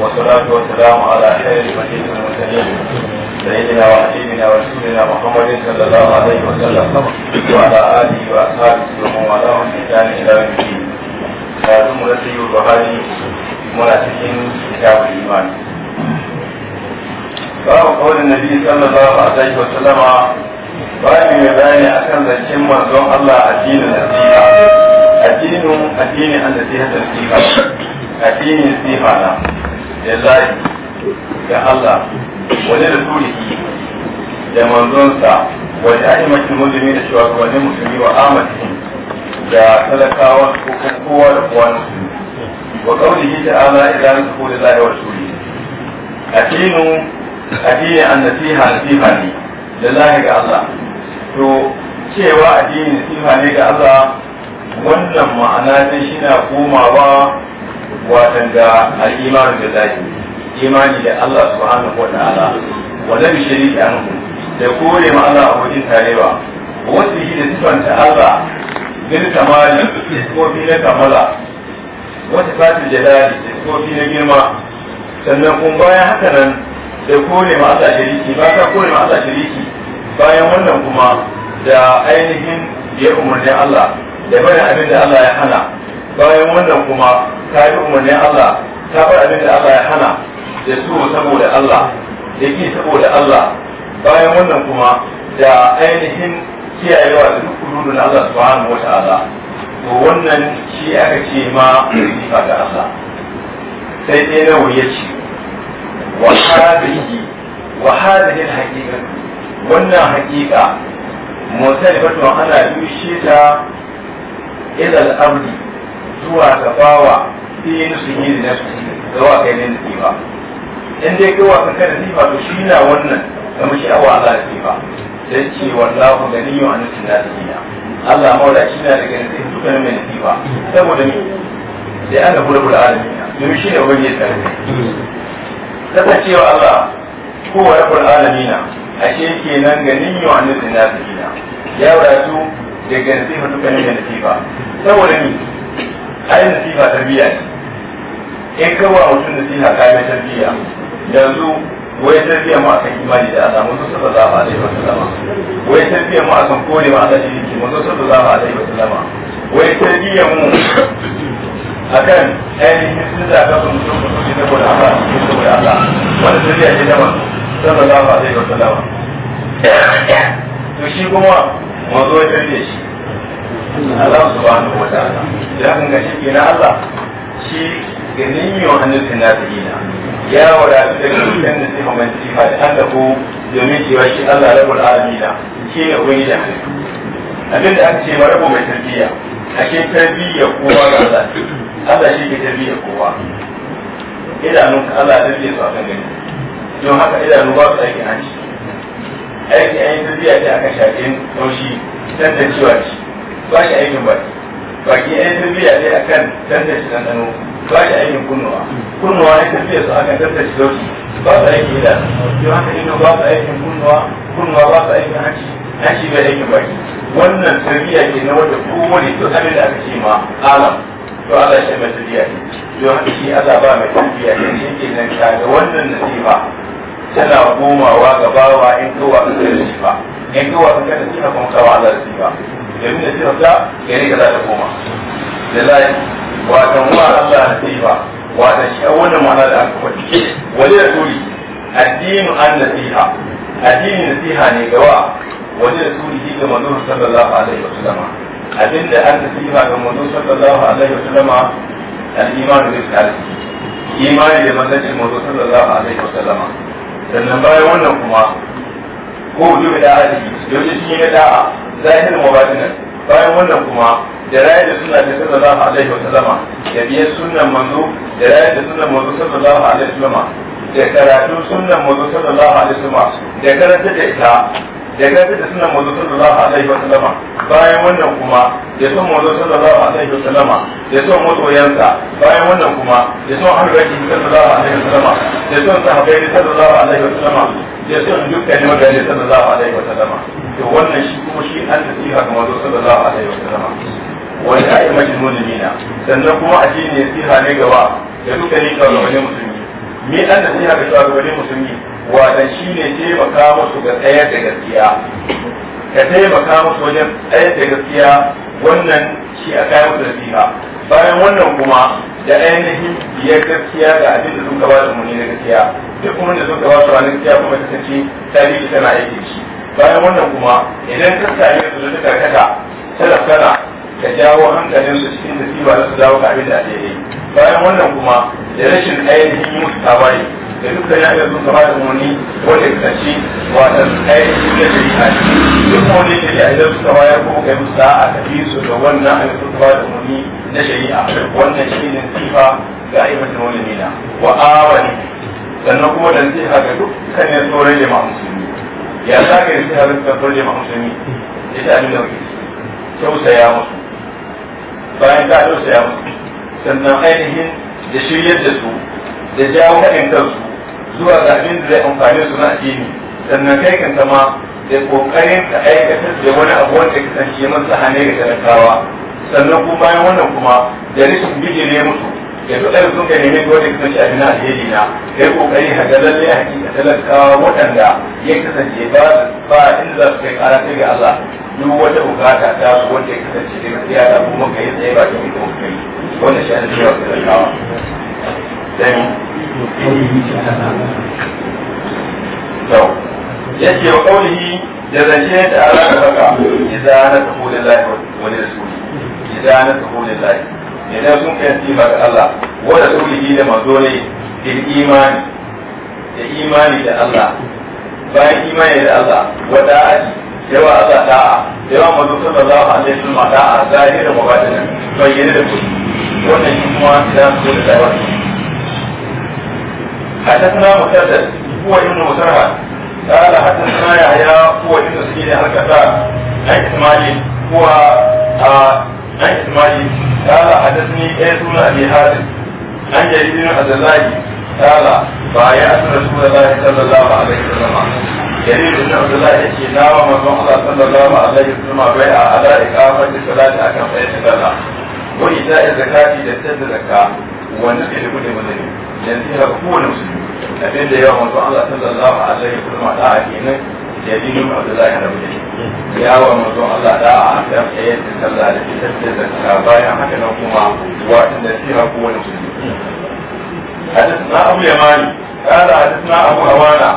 والصلاة والسلام على خير مجيد المرسلين سيدنا وحبيبنا ورسولنا محمد صلى الله عليه وسلم وعلى آله وأصحابه ومن والاهم بإحسان إلى يوم الدين. هذا مرسل البخاري منافقين كتاب الإيمان. باب قول النبي صلى الله عليه وسلم bayan mai bayani akan zancen manzon Allah addinin nasiha addinin addinin an da sai hatar sifa addinin sifa na ga Allah wani da da manzonsa wani a'imakin musulmi da cewa wani musulmi wa amatin da talakawa kowa da kowa na wa kaulihi ta'ala ila rasul addinu ga Allah to cewa addini nasiha ne ga Allah wannan ma'ana ta shi na komawa watan a al'imanu da zaki imani da Allah subhanahu wa ta'ala wala bi sharika anhu da kore ma Allah abokin tarewa wanda shi da sifanta Allah bin kamali sifofi na kamala wata fatin jalali sifofi na girma sannan kun bayan haka nan da kore ma Allah shariki ba ta kore ma Allah shariki bayan wannan kuma da ainihin ya umarni Allah da bayan abin da Allah ya hana bayan wannan kuma ta yi umarnin Allah ta bar abin da Allah ya hana da su saboda Allah da ki saboda Allah bayan wannan kuma da ainihin kiyayewa da duk kududu na Allah subhanahu wata'ala to wannan shi aka ce ma sifa ga Allah sai dai nawa ya ce wa hadhihi wa hadhihi al-haqiqa wannan haqiqa mutalifatu ana yushe ta ila al-amri zuwa ga bawa su yi da nasu zuwa kai ne da ba in dai kai wa kanka da ba to shi na wannan da muke awa Allah da ba dan ce wallahu ganiyyu an tunasiya Allah maula shi na daga nan dukkan mai ba saboda ni sai an da bulbul alamin domin shi ne wani ya ta ce wa Allah ko wa rabbul alamin ashe nan ganin an tunasiya ya wato daga nasifa suka nuna nasifa saboda ni ai nasifa tarbiyya ne in ka a mutum nasiha ka yi tarbiyya yanzu wai tarbiyya ma akan imani da Allah mun sassa za a alaihi wasallama wai tarbiyya ma akan kore ma Allah shirki mun sassa za a alaihi wasallama wai tarbiyya mu akan ainihin sun zaga sun mutum mutum ne saboda Allah ne saboda Allah wanda tarbiyya ce da man sassa za a alaihi wasallama to shi kuma mazo ya tarbe shi Allah subhanahu wa ta'ala ya kun ga shi na Allah shi ganin yau hannun gina. ya wada su wadatu da kusan da sifa mai sifa da an dafo domin cewa shi Allah rabbul alamina shi ne wani da halittu abin da aka ce ma rabu mai tarbiyya ashe tarbiyya kowa ga Allah Allah shi ke tarbiyya kowa idanun Allah tarbiyya su kan gani don haka idanu ba su aikin hanci aiki an yi tafiya ce akan shaƙin taushi tantancewa ce ba shi aikin baki baki an yi tafiya ne akan tantance ɗanɗano ba shi aikin kunnuwa kunnuwa ya tafiya su akan tantance taushi ba su aiki ida don haka ido ba su aikin kunnuwa kunnuwa ba su aikin hanci hanci bai aikin baki wannan tafiya ke na wanda kowane duk abin da aka ce ma alam to Allah shi mai tafiya ne don haka shi Allah ba mai tafiya ne shi ke nan ta ga wannan nasiba tana komawa ga bawa in kowa ka da shi ba in kowa ka da shi ba kuma kawa Allah da shi ba domin da shi ta gari ka za koma da layi wata wa Allah da shi ba wata shi a wannan ma'ana da aka kwaci wani da turi addinu an nasiha addini nasiha ne gawa wani da turi shi ga manzon sallallahu alaihi wa sallama abinda an nasiha ga manzon sallallahu alaihi wa sallama al-imanu bil qalbi imani da manzon sallallahu alaihi wa sallama sannan bayan wannan kuma ko wujubi da arziki yau shi ne da'a zahirin mubatinan bayan wannan kuma da rayar da suna ta sallallahu alaihi wa sallama da biye sunnan manzo da rayar da sunnan manzo sallallahu alaihi wa sallama da karatu sunnan manzo sallallahu alaihi wa sallama da karanta da ita daga gafi da sunan manzo sallallahu alaihi wa sallama bayan wannan kuma ya son manzo sallallahu alaihi wa sallama ya son masoyansa bayan wannan kuma ya son harbaki sallallahu alaihi wa sallama ya son sahabbai sallallahu alaihi wa sallama ya son dukkan magana sallallahu alaihi wa sallama to wannan shi kuma shi an nasiha ga manzo sallallahu alaihi wa sallama wani ayi majnun mina sannan kuma a shi ne nasiha ne gaba da dukkanin shugabannin musulmi me an nasiha ga shugabannin musulmi wadan shi ne taimaka musu ga tsayar da gaskiya ka taimaka musu wajen tsayar da gaskiya wannan shi a kayan nasiha bayan wannan kuma da ainihin biyar gaskiya ga abin da suka ba da muni na gaskiya duk kuma da suka ba su ranar gaskiya kuma ta kace tarihi tana aiki shi bayan wannan kuma idan ka sami su da karkata talakana ka jawo hankalin su cikin nasiba da su dawo ga abin da ake yi bayan wannan kuma da rashin ainihin yi musu tabari da duk da ya yi zuwa ba da wani wanda ya kasance wata ainihin da da ta yi duk wani da ya yi zuwa ba ya kuma kai musa a tafi su da wannan a ainihin ba da wani na shari'a wannan shi ne sifa ga ainihin wani nina wa awani sannan kuma da nasiha ga dukkanin tsoron jama'a musulmi ya sa ka yi nasiha ga tsoron jama'a musulmi ya ta nuna tausaya musu bayan ka tausaya musu sannan ainihin da shiryar da su da jawo haɗin kansu zuwa ga abin da zai amfani su na addini sannan kai kan kama da ƙoƙarin ka aikata da wani abu wanda ka san shi masa hane ga talakawa sannan kuma bayan wannan kuma da rashin bijire musu da duk ɗaya sun kai neman dole ka san shi abin alheri na kai kokari ka ga lalle hakika talakawa waɗanda ya kasance ba ba inda za su kai ƙara sai ga Allah duk wata bukata ta su wanda ya kasance da gaskiya da kuma kai tsaye ba ta yi ko kai wanda shi an cewa talakawa yace wa kaulihi da zance da ala da baka idza na tafu lillahi rasuli na idan sun Allah da ne bil imani da imani da Allah bayan imani da Allah yawa yawa zahiri da bayyana da kuma حدثنا مسدد هو ابن مسرهد قال حدثنا يحيى هو ابن سعيد عن كفاء عن اسماعيل هو عن اسماعيل قال حدثني ايس بن ابي حازم عن جرير بن عبد الله قال بايعت رسول الله صلى الله عليه وسلم جرير بن عبد الله يحكي نام من صلى الله عليه وسلم بيع على اقامه الصلاه اكم فيتكلم وإيتاء الزكاة إذا سد الزكاة ونسك لكل مسلم yanzu ya kowane musulmi abin da yawa manzo Allah sallallahu alaihi wa sallam da a kenan jadidin Abdullahi na bude yawa manzo Allah da a ta tsaye da sallah da da zakka bayan haka nan kuma wa inda siha kowane musulmi حدثنا أبو يماني قال حدثنا أبو هوانا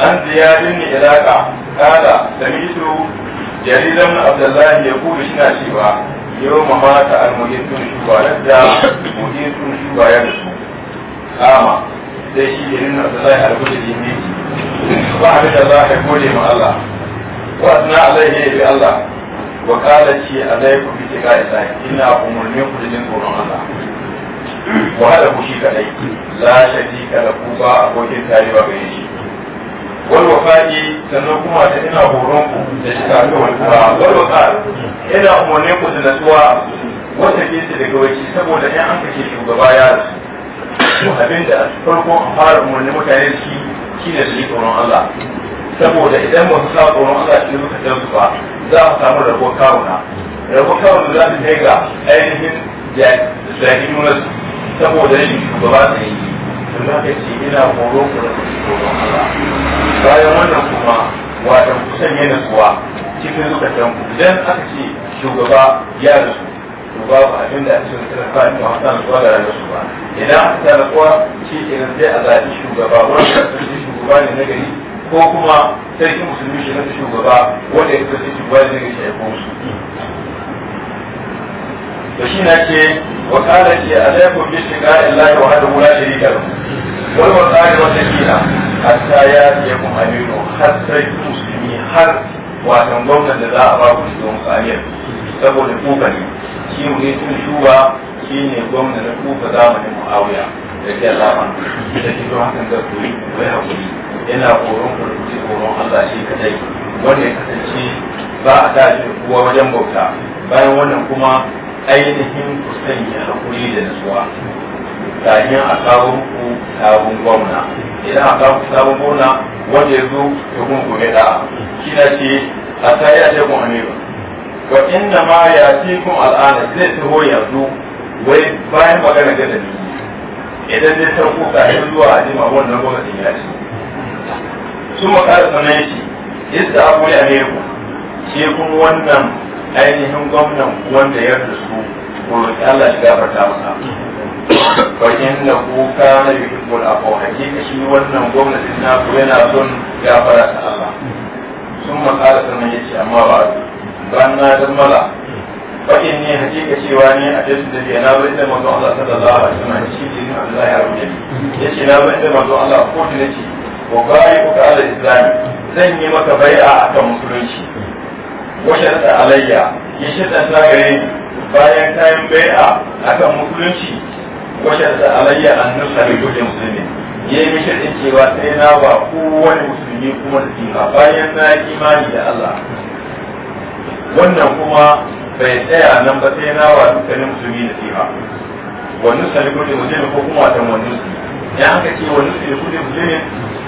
عن زياد بن علاقة قال سمعت na بن عبد الله يقول شنا شيبا يوم مات المجيد بن شيبا لدى مجيد بن شيبا su. kama sai shi ne nuna da zai harbu da jini ba a da za a gode ma Allah wa na alaihi bi Allah wa kala ce alaiku bi tika isa ina umurnin ku da jin tsoron Allah wa hada ku shi kadai la shadika la ku ba abokin tarewa gare shi wal wafa'i sannan kuma da ina horon ku da shikaru wal kuma wal wafa'i ina umurnin ku da nasuwa wata ke daga gawaci saboda ya an kace shugaba ya rasu duk abin da farko fara umarni mutane shi shi ne su yi tsoron Allah saboda idan ba su sa tsoron Allah shi cikin lokacin su ba za a samu rabo kawuna rabo kawuna za su kai ga ainihin jahilunan saboda yin shugaba da yi to za ka ce ina horo ku da ku tsoron Allah bayan wannan kuma wajen kusan yana kuwa cikin lokacin ku idan aka ce shugaba ya rasu babu abin da ake mutum ba ne wata nutsuwa da rayuwar su ba idan aka sa nutsuwa shi kenan sai a zaɓi shugaba wanda ya shugaba ne na gari ko kuma sarki musulmi shi na shugaba wanda ya kasance shugaba ne na gari shi ya kosu to shi na ce wa kala ce alaikum bi shiqa'i llahi wa hadu la sharika wani wal wasari wa sakina hatta ya yakum aminu har sarki musulmi har wasan gwamnan da za a ba ku shi don saniyar saboda kokari shi ne tun shuwa shi ne gwamna na kufa zamanin muawiya da ke alaman da shi don hakan da ku bai hakuri yana koron kurkuri koron allah shi kadai wanda ya kasance ba a dace kuwa wajen bauta bayan wannan kuma ainihin ku sanya hakuri da nasuwa tarihin a kawo ku sabon gwamna idan a kawo sabon gwamna wanda ya zo ya kuma gobe da'a shi na ce a tsaye a shekun amiru wa inna ma ya ci kun al'ana zai taho yanzu wai bayan magana ga dalili idan zai ta kuka yi zuwa a jima wannan lokacin ya ci su makara sanar shi yadda abu ya ne ku ce kun wannan ainihin gwamnan wanda ya rasu ko Allah shi gafarta masa fa inna hu kana yuhibbul afwa hakika shi wannan gwamnatin na ku yana son gafara ta Allah sun makara sanar shi amma ba bayan na mala bakin ne hakika cewa ne a jesu da ke na bai da manzo Allah sallallahu da wasallam shi ne Allah ya rubuce yace na bai da mazo Allah ko ta ce wa bai ko ka ala islami zan yi maka bai'a akan musulunci shi da alayya ya shirta ta gare bayan kayan bai'a akan musulunci shi da alayya an nusa da gudun musulmi ya yi da cewa sai na ba kowane musulmi kuma da bayan na imani da Allah wannan kuma bai tsaya nan ba sai na wa dukkanin musulmi da siha wannan sani kudin musulmi ko kuma watan wannan su ya aka ce wannan sani kudin musulmi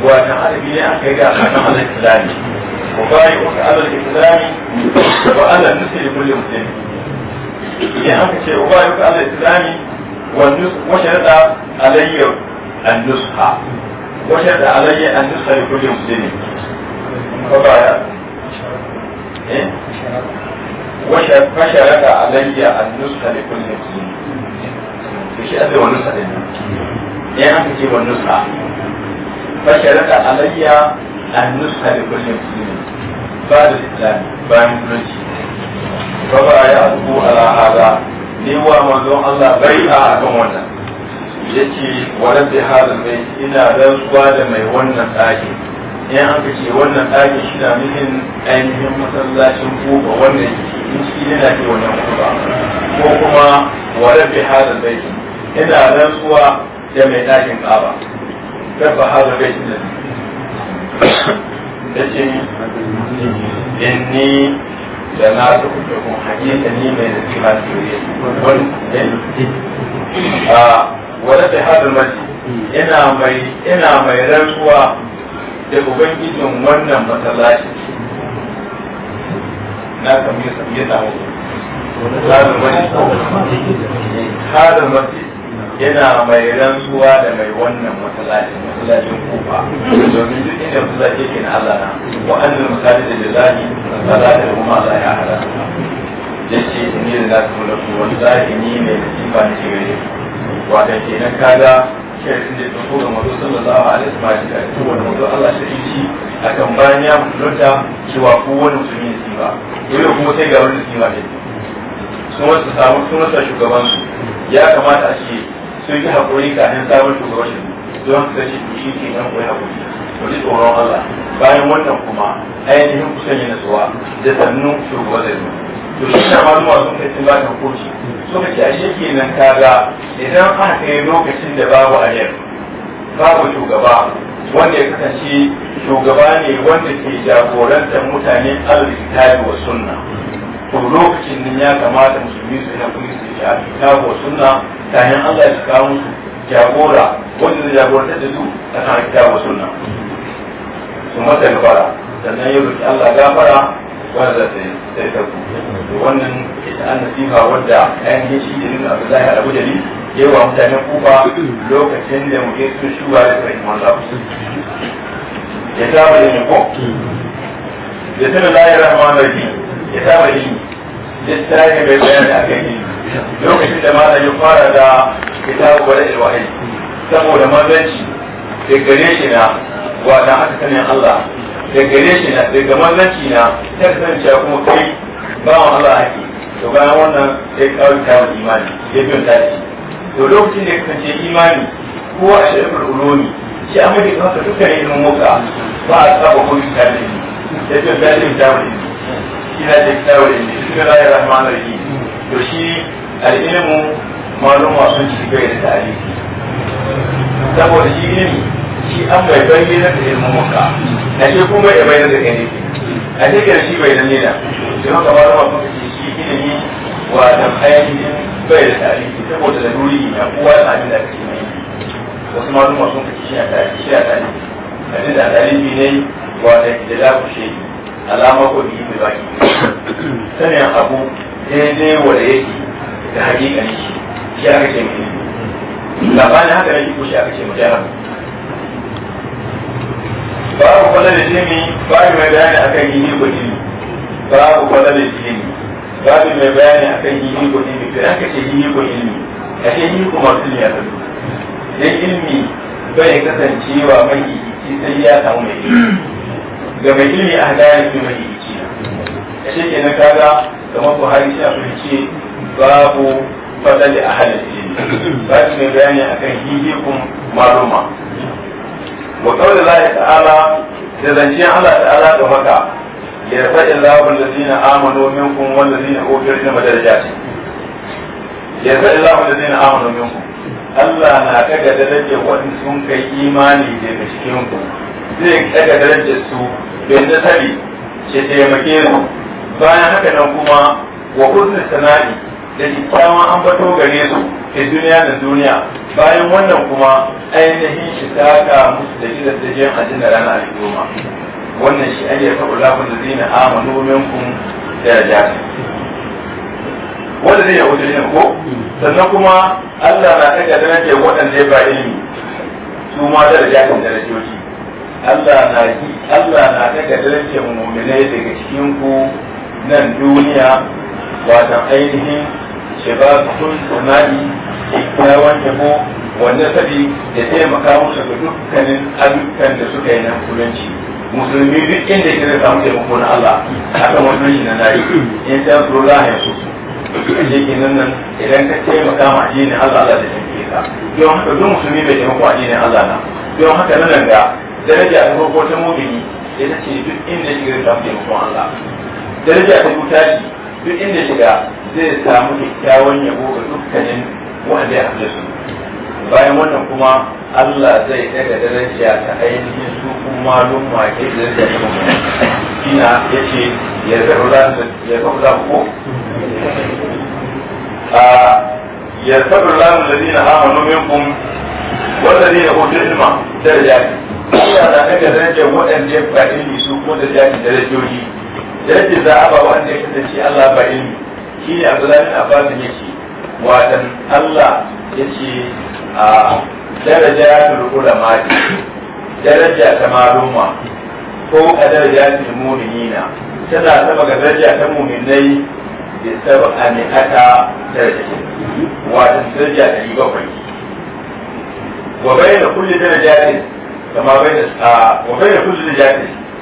watan arabi ne aka yi ga akan alal islami ko bayi ko alal islami ko alal nusri kullum musulmi idan aka ce ko bayi ko alal islami wannan washada alayya an-nusha washada alayya an-nusha likulli muslimin ko baya eh a a علي النسخ لكل مسلم shi aka nusa da ɗin ya aka ce wani nusa fasharata alayya an nusa da kullum musulmi ba da islam bayan musulunci ba ba ya abu ala hada ni wa manzon Allah bai a akan wannan yace wa rabbi hadal bai ina rantsuwa da mai wannan tsaki yan aka ce wannan ɗakin shi na nufin ainihin masallacin kuba wannan in ciki yana ke wannan kuba ko kuma wadda bai hada baiti ina rantsuwa da mai ɗakin kaba dabba hada baiti da da ce inni da na ta kuka kun hakika ni mai da tsima ah, teoriya wadda bai hada baiti ina mai rantsuwa da ubangijin wannan matsalashi na kan ya samu kada mafi yana mai rantsuwa da mai wannan masallacin masallacin kofa domin duk inda masallaci ke na Allah na wa'annan misali da lillahi masallaci da kuma Allah ya hada da ce ne da za su mulaku wani zahiri ne mai kima ne wadda ke kenan kaga shi a cikin jirgin ko ga mazo sallallahu alaihi wa sallam a cikin wani mazo Allah shi shi kan bayan ya mutunta cewa ko wani musulmi ne siba dole kuma sai ga wani siba ne sun wasu samu sun wasu shugaban su ya kamata a ce sun yi haƙuri kafin sabon shugaban shi don su kashe shi ke yan koyi haƙuri ku ji tsoron Allah bayan wannan kuma ainihin kusan yi nasuwa da sannu shugaban da zo to shi na maluwa sun kai sun ba ta hukunci suka ce ashe ta ga idan aka kai lokacin da babu yau babu shugaba wanda ya kasance shugaba ne wanda ke jagorantar mutane alkitabi wa sunna to lokacin nan ya kamata musulmi su na kuma su ya alkitabi wa sunna kayan Allah ya kawo musu jagora wanda zai jagorantar da su a kan alkitabi wa sunna kuma ta gabara sannan ya roki Allah gafara wanda za ta yi zai tafi da wannan ita an nasiha wadda ainihin shi da nuna abu zai abu jali yawa mutanen kufa lokacin da muke sun shuba da kai wanda ya saba da ko da sanin layar rahman rahi ya saba da yi littafi mai bayani a kan yi lokacin da malam ya fara da kitabu wal ilwahi saboda manzanci da gare shi na wa dan aka sanin Allah daga gare shi na daga mallaci na ta kasance kuma kai bawan Allah ake to bayan wannan sai kawai ta wani imani ya biyan tashi to lokacin da kasance imani ko a shirkar ulumi shi an mace kansa dukkan ilimin muka ba a saba ko yi tare da ya biyan tashi ta wani shi na ta ta wani ne shi ga rayar rahman rahim to shi al'ilmu malum masu ci gaba da tarihi saboda shi ilimi shi an bai bayyana da ilmin muka na shi kuma ya bayyana da gani a shi kan shi bai nan nina shi haka ba zama kuma ce shi ilimi wa da kayan bai da tarihi saboda da nuri na kowa da abin da kake mai wasu maluma masu kace shi a tarihi shi a tarihi a abin da tarihi ne wa da da kushe alama ko biyu da baki sanin abu daidai wa da yake da hakikan shi shi aka ce mai labarin haka ne ko shi aka ce mai jarabu babu kwanar da jini babu mai bayani a akan gini ko jini babu kwanar da jini babu mai bayani a akan gini ko jini da aka ce gini ko ilmi a ce gini ko masu ne a kasu dan ilmi bai kasancewa mai ikici sai ya samu mai ilmi ga mai ilmi a hadaya ne mai ikici a ce kenan kaga kamar buhari sha ce babu fadali a halin ilmi babu mai bayani a kan akan hijikun maluma wa الله تعالى ta'ala da تعالى Allah ta'ala الله maka ya منكم والذين أوتوا amanu درجات wal الله utul آمنوا منكم Allah na kaga darajar waɗanda sun kai imani daga cikin ku zai daga darajar su bai da sabi taimake su bayan haka nan kuma wa husnul sana'i da an fito gare su ke duniya da duniya bayan wannan kuma ainihin shi ka musu da gidan da jiyan hajji da ranar al'umma wannan shi ake faɗo lafin da zina manomin kun da ya su wanda zai yawo jirgin ko sannan kuma Allah na ɗaga da nake waɗanda ya ba ilimi su ma da jakin da rajoji Allah na yi Allah na ɗaga da nake mummune daga cikin ku nan duniya wata ainihin shababatun sama'i wanke ko wanda sabi da taimaka musu ga dukkanin ayyukan da suka yi na musulunci musulmi duk inda ya kira samun taimako na Allah akan wannan shi na nari in ta zo za a yasu shi ke nan nan idan ka taimaka ma addinin Allah Allah da taimake ka don haka duk musulmi bai taimako addinin Allah na don haka nan ga daraja ta farko ta mu'mini ita ce duk inda ya kira samu taimakon Allah daraja ta biyu ta duk inda shiga zai samu kyakkyawan yabo ga dukkanin wanda ya bayan wannan kuma Allah zai daga daraja ta ainihin su kuma lumma ke da zai da kuma shina ya ce ya zaɓi za ko ya zaɓi ranar da zina amanu minkum wanda ya hudu ilma daraja ne ya zaɓi darajar waɗanda ya faɗi su kuma da jami'in ya darajar za a ba wanda ya kasance Allah ba ilmi shi ne abdullahi bin abbas ya ce watan allah ya ce a daraja fi rukuda mati daraja ta maluma ko a daraja ta mu'minina tana sama ga daraja ta mu'minai da saba a mi'ata daraja watan daraja ta yi bakwai wa kulle kulli ne kama bayyana wa daraja kulli a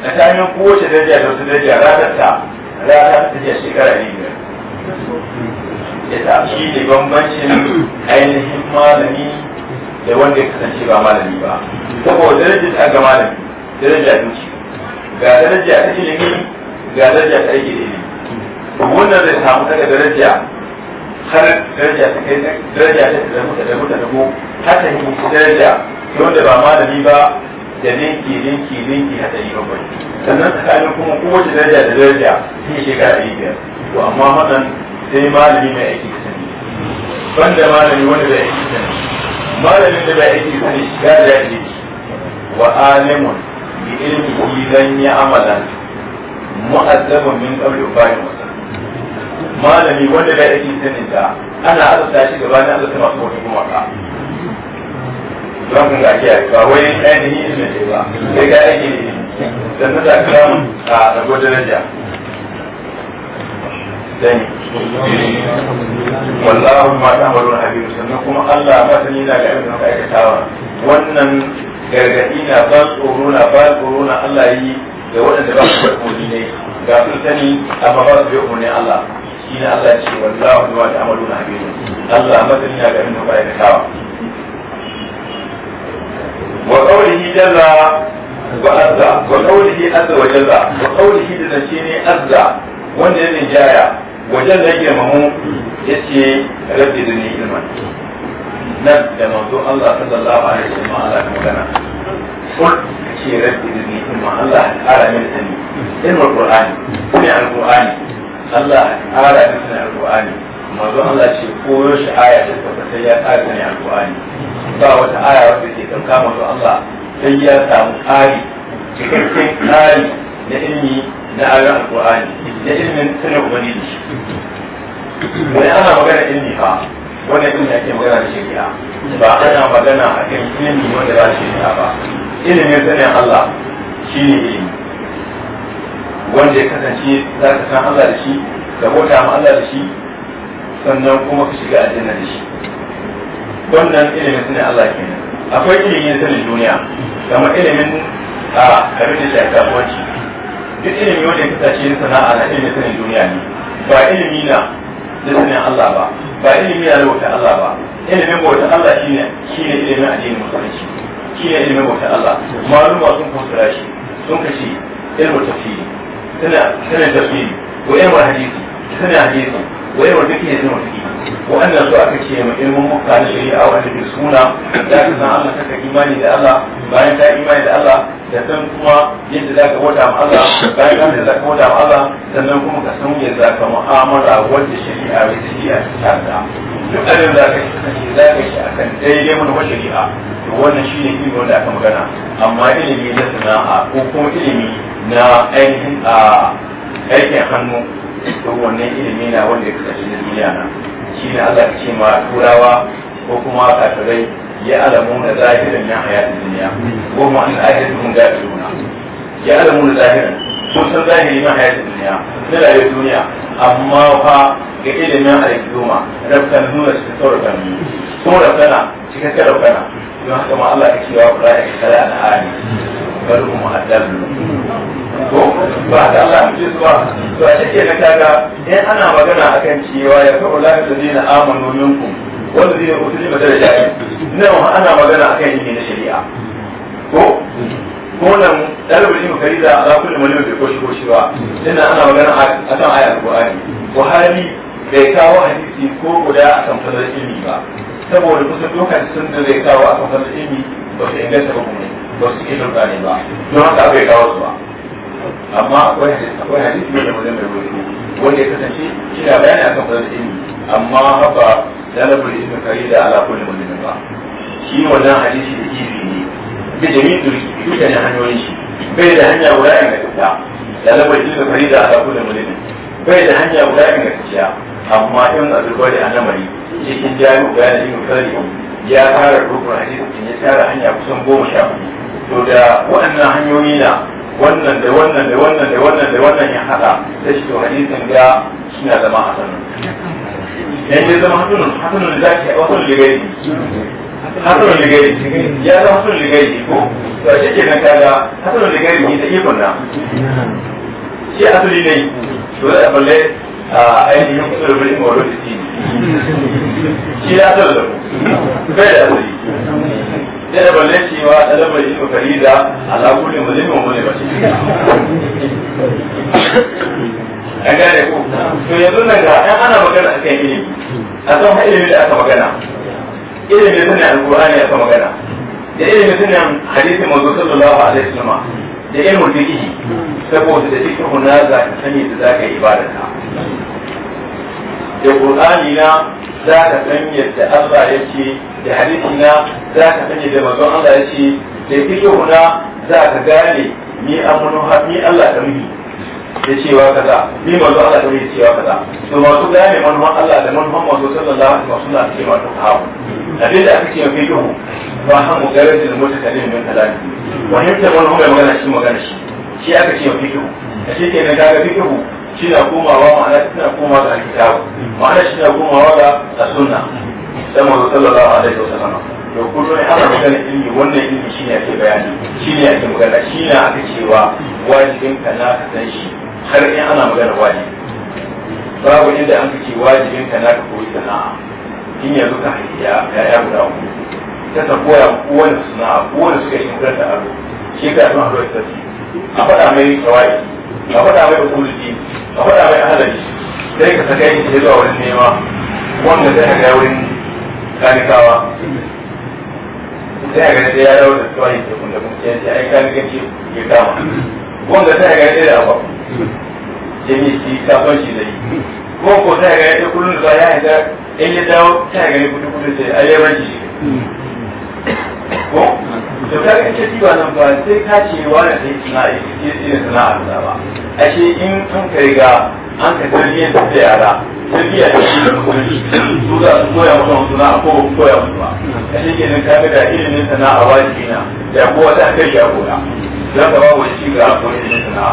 tsakanin kowace daraja da wasu daraja ratarta ta ta shekara ne ya shi ne bambancin ainihin malami da wanda ya kasance ba malami ba saboda darajar da ga malami daraja duki ga daraja ta ilimi ga daraja ta aiki ilimi wannan zai samu daga daraja har daraja ta kai daraja ta da muka da muka ko har ta yi daraja wanda ba malami ba da ninki ninki ninki hada yi bakwai sannan tsakanin kuma kowace daraja da daraja shi shekara ɗari biyar to amma hakan sai malami mai aiki da sani banda malami wanda bai aiki sani malamin da bai aiki sani ya dace wa alimun bi ilmi lan ya amala mu'azzabun min qabli ubayi wasa malami wanda bai aiki sani da ana azabta shi gaba na azabta masu wata kuma ka zan ga kiyaye ba wai ainihin ilmi ce ba sai ga aiki ne sannan da kan a rago daraja sani wallahu ma ta'maluna habib sannan kuma Allah masani na ga abin da tawa wannan gargadi na ba tsoro na ba tsoro na Allah yi ga waɗanda ba su da umarni ne ga sun sani amma ba su bi umarni Allah shi ne Allah ce wallahu ma ta'maluna habib Allah masani na ga abin da tawa. wa qawlihi jalla وأذى وقوله أذى وجزى وقوله تنشيني أذى وأن يجايا wajen da yake mahu ya ce rabbi da ne ilma na da manzo Allah sallallahu alaihi wasallam Allah ka magana kun ce rabbi da ne ilma Allah ya kara min sani ilmin qur'ani ne alqur'ani Allah ya kara min sani alqur'ani manzo Allah ce koyo shi aya da tabbata ya kara sani alqur'ani ba wata aya wadda ke kanka manzo Allah sai ya samu kari cikakken kari na ilmi na ayoyin alƙur'ani da ilimin sanin ubangiji wani ana magana ilimi fa wani ilimi ake magana da shari'a ba ana magana a kan ilmi wanda ba shari'a ba ilimin sanin Allah shi ne ilimi wanda ya kasance za ka san Allah da shi ka bauta ma Allah da shi sannan kuma ka shiga aljanna da shi wannan ilimin sanin Allah kenan akwai ilimin sanin duniya kamar ilimin a abin da shafi kasuwanci duk ilimi wanda ka tashi na sana'a na ilimi sanin duniya ne ba ilimi na da sanin Allah ba ba ilimi na da Allah ba ilimin bautar Allah shine shine ilimin addinin musulunci shine ilimin bautar Allah maluma sun fassara shi sun kashi ilmu tafsiri tana tana tafsiri ko ilmu hadisi suna gefe wai wanda ke yin wanda wa'annan su aka ce ma ilmin muka na shari'a wanda ke suna da ka san Allah kaka imani da Allah bayan ta imani da Allah da san kuma yadda za ka wata ma Allah bayan ka yadda za ka wata ma Allah sannan kuma ka san yadda za ka mu'amala wanda shari'a bai shari'a ta ta duk abin za ka kasance za ka shi akan daidai mana wa shari'a to wannan shi ne ilimi wanda aka magana amma ilimi na sana'a ko kuma ilimi na ainihin a aikin hannu don wannan ilimi na wanda ya kasance na duniya na shi ne Allah ya ce ma turawa ko kuma kafirai ya alamu na zahirin na hayatin duniya ko ma an ajiyar mun gafi nuna ya alamu na zahirin sun san zahiri na hayatin duniya na rayuwar duniya amma fa ga ilimin alkiyoma rafkan nuna cikin saurakan mu sun rafkana cikakken rafkana don haka ma Allah ya ce wa kula da kare al'ani bari mu haddar ko ba da Allah mu zuwa to a take na kaga in ana magana akan cewa ya fa ulai ladina amanu minkum wal ladina utul mata da jahi nan ana magana akan yin na shari'a ko ko nan dalibul ilmi farida ala kulli man yubi ko shi ko shi ba dinnan ana magana akan ayatul qur'ani buhari bai kawo hadisi ko guda akan fadar ilmi ba saboda kusan lokacin da zai kawo akan fadar ilmi ba su inganta ba kuma ba su ke shirka ne ba don haka bai kawo su ba amma akwai hadisi mai da mai rubutu wanda ya kasance shi da bayani akan fadar ilimi amma haka lalabar ilimi kari da ala kulli mulmin ba shi wannan hadisi da izi ne da jami'in turki ne hanyoyin shi bai da hanya guda ingantatta lalabar ilimi kari da ala kulli mulmin bai da hanya guda ingantacciya amma in a zurgwari a lamari cikin jami'u bayanin ilimi kari ya tara rukun hadisin ya tara hanya kusan goma sha hudu to da waɗannan hanyoyi na wannan da wannan da wannan da wannan da wannan ya haɗa da shi to hadisin ga suna zama hasanun yan ya zama hasanun hasanun da ke hasanun ligari hasanun ligari ya zama hasanun ligari ko to shi ke nan kaga hasanun ligari ne da ikon na shi asali ne to da balle Ah, ainihin kusurbin morality shi ya tsar da bai da asali sai da balle cewa da labar yi kokari da alaƙuli mulimin mu ne ba shi an gane ku to yanzu nan ga ɗan ana magana a kan ilimi a san ha ilimi da aka magana ilimi sunan alƙur'ani aka magana da ilimi sunan hadisi manzo sallallahu alaihi wasallam da ilmul fiqh saboda da cikin na za ka sani da za ka yi ibada ta da qur'ani na za ka san yadda Allah ya da hadisi na za ka san da mazan Allah ya ce da cikin na za ka gane ni amunu ni Allah ta rufi. da cewa kaza bi manzo Allah da yake cewa kaza to masu gane manhon Allah da manhon manzo sallallahu alaihi wasallam ke ma duka hawo abin da aka ce mai duhu ba mu mugarrad da mota kalim min ne wannan ta manhon mai magana shi magana shi shi aka ce mai duhu a ce ke na daga duhu shi na komawa ma'ana shi na komawa ga kitabu ma'ana shi na komawa ga sunna sai manzo sallallahu alaihi wasallam da kullum ya ana magana ilmi wannan ilimi shi ne ake bayani shi ne ake magana shi ne aka cewa wajibin ka na ka san shi har in ana magana wajibi babu inda an ce wajibin ka na ka koyi sana'a in yanzu ka hakiya ya guda uku ta ta koya kowane sana'a kowane suka yi makaranta aro shi ka yi maharo ya tafi a faɗa mai kawai a faɗa mai usulji a faɗa mai ahalari sai ka saka yin zuwa wani nema wanda zai haga wurin kanikawa sai ga sai ya dawo da tsawon yake kun da kun ya ce ai kan gaci ya kama wanda sai ga sai da abu jami shi kafin shi zai ko ko sai ga sai kullun da ya ga in ya dawo sai ga kudu kudu sai ai ya bari shi ko to ka ga ce tiwa nan ba sai ka ce wani sai sana'a ce sana'a ba ashe in kun kai ga an ka tarbiyyar da yara tarbiyya da shi da musulmi su za su koya maka sana'a ko ba koya musu ba a shi nan kaga da ilimin sana'a wajibi na da kowa ta kai ya koya za ka ba wa shi ga koyi ilimin sana'a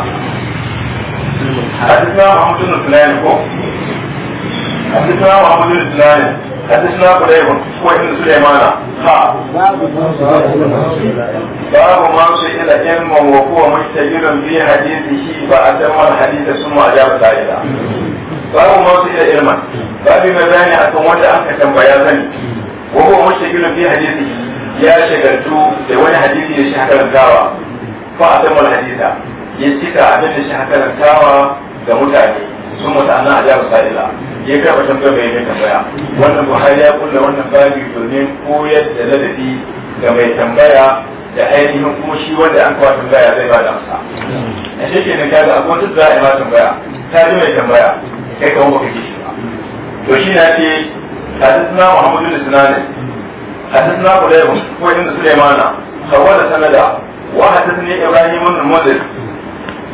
a duk ma a mutum da fulani ko a duk ma a mutum da fulani hadis na ku ko inda su ha babu ma ila in wa ko mun tayyiran bi ba a tamar hadisi sun ma ja ta ila babu ma ila ilma babu ma zani a kuma da an tambaya zani ko ko mun tayyiran ya shagaltu da wani hadisi ya shahadar gawa ko a tamar hadisa ya cika a da shahadar gawa mutane sun wata annan a jihar sa'ila ya karɓa tambayar mai mai tambaya wannan buhari ya kulle wannan babi domin koyar da ladabi ga mai tambaya da ainihin ko shi wanda an kawo tambaya zai ba da amsa a shi ke nan kaga akwai duk za a ma tambaya ta ji mai tambaya kai kawo baka ji shi ba to shi na ce na muhammadu da sunanin hadisna kulaymu ko inda sulaimana kawo da sanada wa ne ibrahim ibn mudir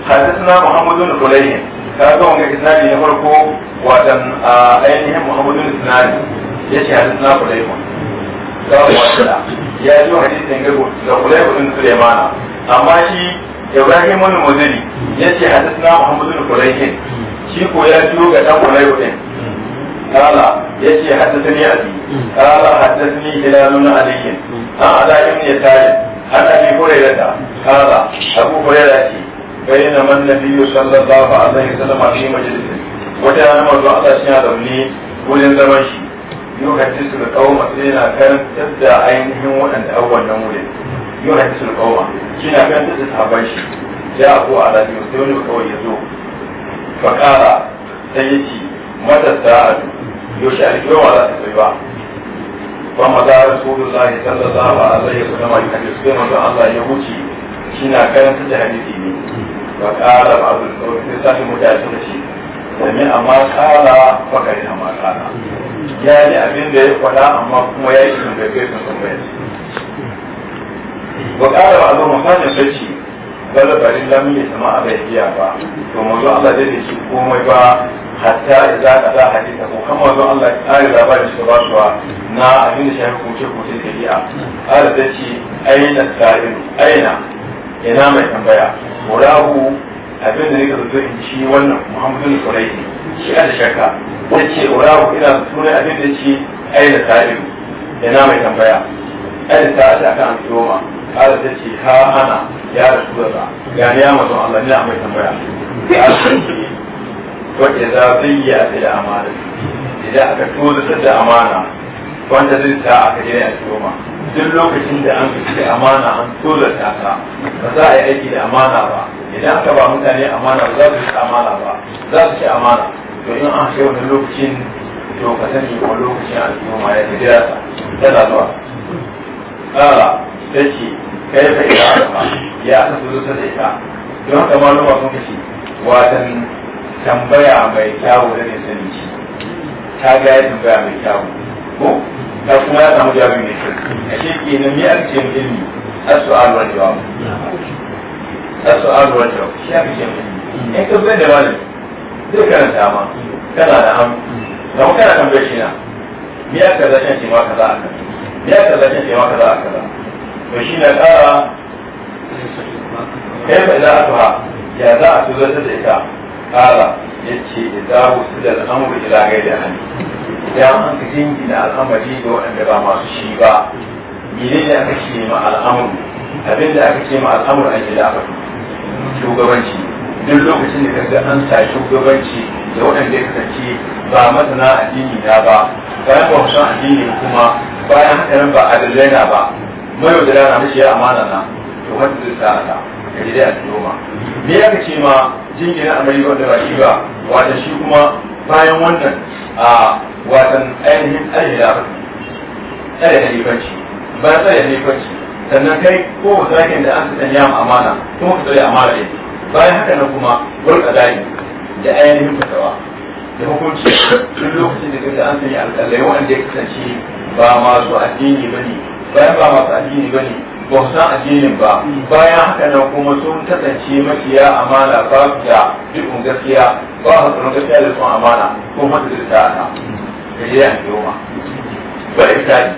hadisna muhammadu da kulaymu ka zo ga hisabi na farko watan ainihin muhammadun sinari ya ce hadisi na kulaiku da wadda ya ji wa hadisin gago da kulaiku din sulemana amma shi ibrahim wani muzuri ya ce hadisi na muhammadun kulaikin shi ko ya ji ga dan kulaiku din kala ya ce hadisi ne abi kala hadisi ne hilalun na alikin a ala ibn yasari an abi hurairata kala abu hurairata bayyana man nabiyyu sallallahu alaihi wa sallam a cikin majalisi wata yana mazo a cikin adamni gurin zaman shi yau ga tisu da kawo matsayina kan tsada ainihin wadanda awon nan wuri yau ga tisu da kawo ma shi na kan tisu ta ban shi ya abu a da yau sai wani kawo yazo fa kara sai yace mata ta yau shi a cikin wala ta bai ba ba ma da su da sai ta da ba a zai su da ma ka ji su da Allah ya huci shi na karanta da hadisi wa ƙara ba su ɗauki sai sashi mutane suka ce sami amma ƙara bakari amma ƙara ya ji abin da ya faɗa amma kuma ya yi shi da kai sun san bayan wa ƙara ba zuwa mutane sai ce bala bari lamu ya sama a bai biya ba to manzo Allah zai da shi komai ba hatta idza qada haditha ko kamar manzo Allah ya ƙara labarin shi ba suwa na abin da shi hukunce ko ta biya Allah zai ce aina sa'ilu aina ina mai tambaya murahu abin da yake zato in ci wannan Muhammadu muhammadun kurai shi a da shakka yace murahu ina sunan abin da ci aina sa'il ina mai tambaya aina sa'il a an tsoma kada ta ce ha ana ya rasu da ya ne ya mazan Allah ina mai tambaya ya ce wa idza zayyata da amana idan aka tozata da amana wanda zai sa aka je a duk lokacin da an fice amana an tola ta ba za a yi aiki da amana ba idan aka ba mutane amana ba za su ci amana ba za su ci amana to in an shi wani lokacin to ka sani ko lokacin al'umma ya fi ta da zuwa kara ta ce kai fa ita ya aka zo ta da ita don haka ma sun kashi watan tambaya mai kyawu da ne sani ta ga ya tambaya mai kyawu ko ga kuma ya samu jawabi mai kyau a shi ke nan ya ce ilmi as-su'al wal jawab as-su'al wal jawab shi ya ce ilmi in ka bai da malami zai karanta ma kana da am. da mu kana tambayar shi na me ya kaza shan ce ma kaza a kaza me ya kaza shan ce ma kaza a kaza to shi na kara kai fa za a ya za a tuzarta da ita kara ya ce da za su da al'amuru ila gaida hannu idan an ka jingina al'amari ga waɗanda ba masu shi ba mene ne aka ce ma Abin abinda aka ce ma al'amur an gida ba shugabanci duk lokacin da kaga an sa shugabanci da waɗanda ya kasance ba masana addini na ba bayan ba san addini kuma bayan haɗarin ba adalai na ba da na mashi ya amana na to wanda zai sa ta ka ji dai a tsoma me aka ce ma jingina amari wanda ba shi ba wata shi kuma bayan wannan a watan ainihin alhila tsare halifanci bayan tsare halifanci sannan kai ko zakin da an sanya ma amana kuma ka tsare amana ne bayan haka nan kuma wal qadai da ainihin fasawa da hukunci duk lokacin da kaga an sanya alƙalai wanda ya kasance ba masu addini ne bayan ba masu addini ne ba su san addinin ba bayan haka nan kuma sun kasance mafiya amana ba su da dukkan gaskiya ba su tsoron gaskiya da sun amana kuma masu da ta da jira a yoma ba iftari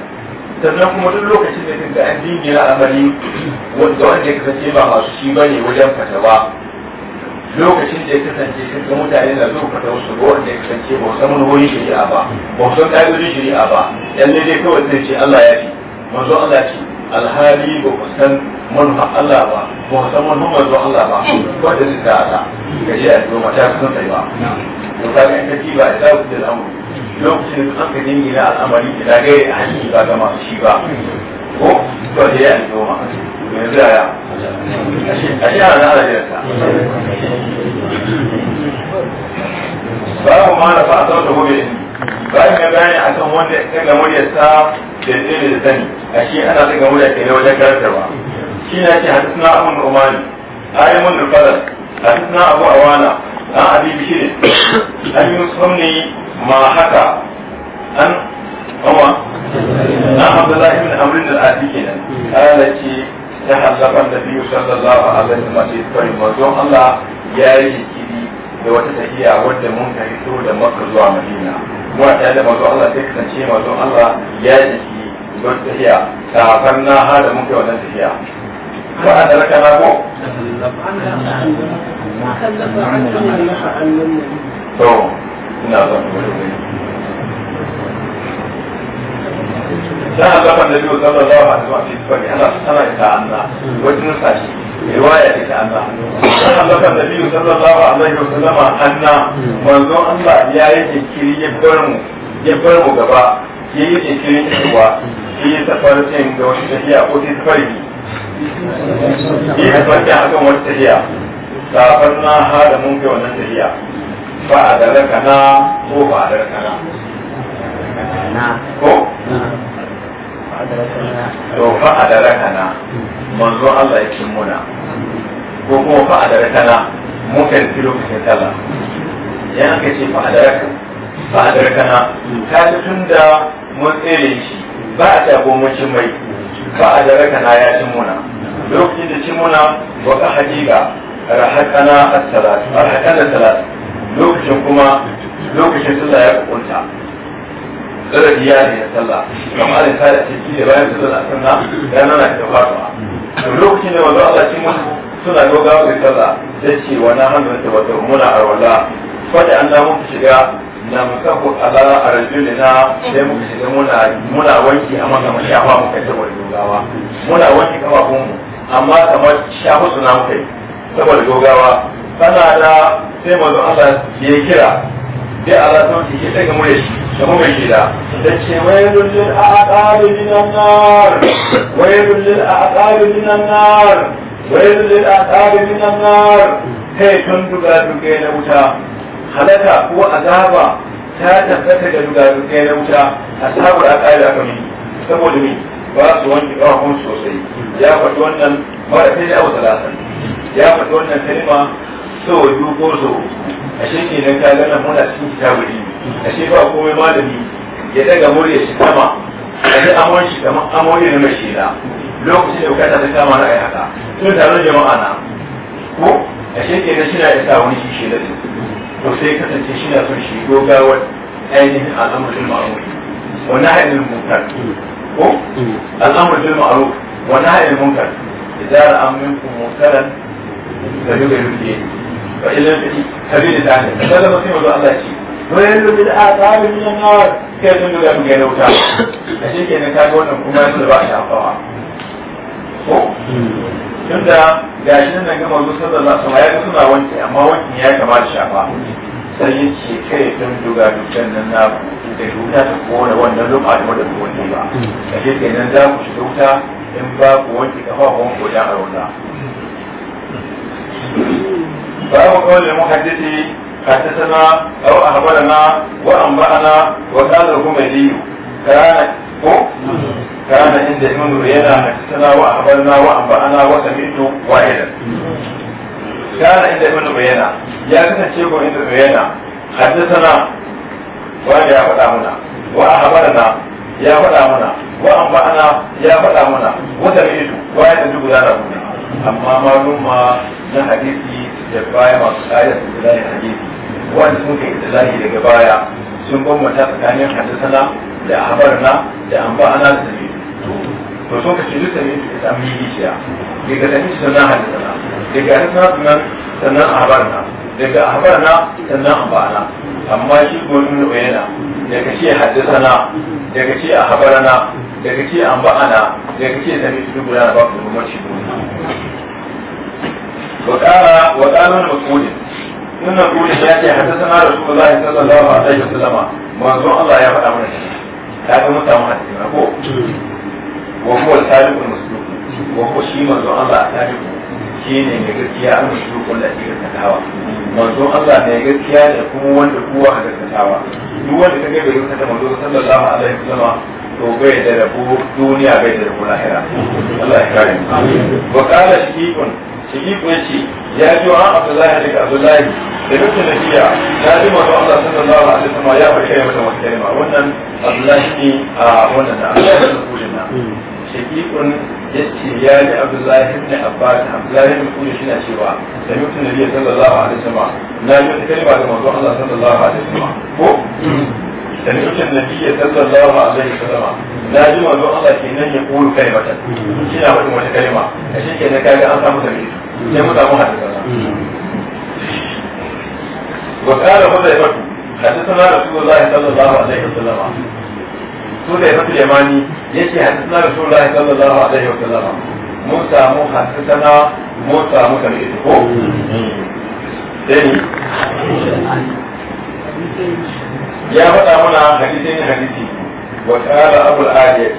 sannan kuma duk lokacin da kinka an dingina amali wanda wanda ya kasance ba masu shi ba ne wajen fatawa lokacin da ya kasance kinka mutane na zo fata wasu ga wanda ya kasance ba san manhoyin shari'a ba ba san ƙa'idodin shari'a ba lalle dai kawai zai ce Allah ya fi manzo Allah ce alhali ba ku san manha Allah ba ba ku san manha manzo Allah ba ba da zai ta Allah ga je a yi ba to kaga in ka kiba da ku da al'amuri lokacin da aka jini na al'amari da gaya a hannun ba ga masu shi ba ko ba da ya zo ma mai zaya a shi ana da ba babu ma da fa'a sau da gobe bayan ya bayani a kan wanda ta ga muryarsa da tsere da sani a shi ana ta ga muryar kai wajen ba. shi na ce hadisu na abu a yi mun da fadar hadisu na abu awana an abi bishirin an yi musamman ma haka an kuma na abdullahi da biyu sallallahu alaihi wa sallam sai manzon Allah ya yi kiri da wata tafiya ina zan kore ne dan Allah kan da biyu ana wajen sashi riwaya dan kan da biyu anna manzo ya ya bar mu ya bar mu gaba yayi yake kiri cewa da tafiya ko ta akan tafiya na hada mun kai wannan tafiya ba a da rakana ko ba a da rakana ko to fa a da rakana manzo Allah ya kin muna ko kuma fa a da rakana mun kai lokacin sallah idan aka ce fa a da rakana fa a da rakana ka ji tunda mun tsere shi ba a tabo mun cin mai ba a da rakana ya cin muna lokacin da cin muna wa ka hadiga rahakana a salatu. rahakana as lokacin kuma lokacin sallah ya kunta zaradi ya ne sallah kamar da ta ce ki da bayan sallah sunna ya nana da fatuwa to lokacin da manzo Allah ce wasu suna doga da sallah sai ce wa na hannun da wata muna arwala fadi an da muku shiga na musafu ala na sai muku shiga muna muna wanki amma kamar shafa muka ta wani dogawa muna wanki kafafunmu amma kamar shafa suna muka yi saboda dogawa tana da sai mazu Allah ya kira sai a ta su ke daga mure shi da mu bai gida da ce wai a aqab minan nar wai a aqab minan nar wai a aqab minan nar kai tun duga duka na wuta halaka ko azaba ta tabbata da duga duke na wuta asabu a aka mi saboda mi ba su wanke kafin sosai ya faɗi wannan ba da sai da abu talatan ya faɗi wannan kalima sau biyu ko sau ashe ke nan ka gana muna cikin kitabu ne ashe ba komai malami ya daga murya shi sama ashe amon shi kamar amon ne mai shela lokacin da bukata ta kama na ai haka tun taron jama'a na ko ashe ke nan shi na isa wani shi shela din to sai kasance shi na son shi gogawar ainihin al'amurin ma'amuri wannan haɗin mutar ko al'amurin ma'amuri wannan haɗin mutar idan ra'amin kuma mutaran da yau da yau wa ilal bidi kabili ta ne sallan sai manzo Allah bil asabi min an-nar kai sun ga mun ga wuta a shi kenan ka ga wannan kuma yanzu ba shi afawa ko tunda ga shi nan ga manzo sallallahu alaihi wasallam ya ga suna wanke amma wanke ya kamata shafa sai ya ce kai sun duga dukkan nan na da wuta ta kone wannan lum'a da wadda ku wanke ba a shi kenan za ku shiga wuta in ba ku wanke kafa ku ko da a wuta babu قول muhaddisi حدثنا او اخبرنا وانبانا وقال الهملي كانت كان عند ابن ريانا حدثنا واخبرنا وانبانا وسمعت واحدا كان عند ابن ريانا يا كان شيخ ابن ريانا حدثنا ويا فدامنا واخبرنا يا فدامنا وانبانا يا فدامنا وسمعت واحدا تقول هذا amma malum ma na hadisi da baya masu da su da lahin hadisi wanda sun kai da lahi daga baya sun bambanta tsakanin hadisana da abarna da ba ana da sabi to sun kace duk sabi da ta mili shiya daga sabi sannan hadisana daga hadisana sannan sannan abarna daga abarna sannan amba ana amma shi gonin da bayana daga shi hadisana daga shi habarana. da kake an ba ana da kake da mai cikin guda ba ku kuma ci wa qala wa qala al-mas'ud inna qul ya ta hadathana rasulullahi sallallahu alaihi wasallam manzo Allah ya faɗa mana ta ga mutamu hadisi na ko wa huwa al-sadiq al wa ko shi manzo Allah sadiq shi ne mai gaskiya an masduq wanda ake gaskatawa manzo Allah mai gaskiya da kuma wanda kowa ka gaskatawa duk wanda kaga bai gaskata manzo sallallahu alaihi wasallam to bai da rabu duniya bai da rabu lahira Allah ya kare mu wa qala shiqun shiqun yace ya ji wa Abdullah da Abdullah da dukkan nabiya ya ji manzo Allah sallallahu alaihi wasallam ya fara kai mata kalma wannan Abdullah shi a wannan da Allah ya kuje na shiqun yace ya ji Abdullah ibn Abbas Abdullah ibn Kuje shi na cewa da dukkan nabiya sallallahu alaihi wasallam na ji kalma da manzo Allah sallallahu alaihi wasallam ko da nufin na fiye sallallahu alaihi wasallama na ji manzo Allah nan ya koyo kai mata shi na mutum wata kalma a shi ke na kaga an samu da mutu sai mu samu hadisi ba wa kana hudai fatu hadisuna rasulullahi sallallahu alaihi wasallama su da fatu yamani yake hadisuna rasulullahi sallallahu alaihi wasallama mun samu hadisuna mun samu kalma ko sai ni ya faɗa mana hadisi ne hadisi wa qala abu al-aliyati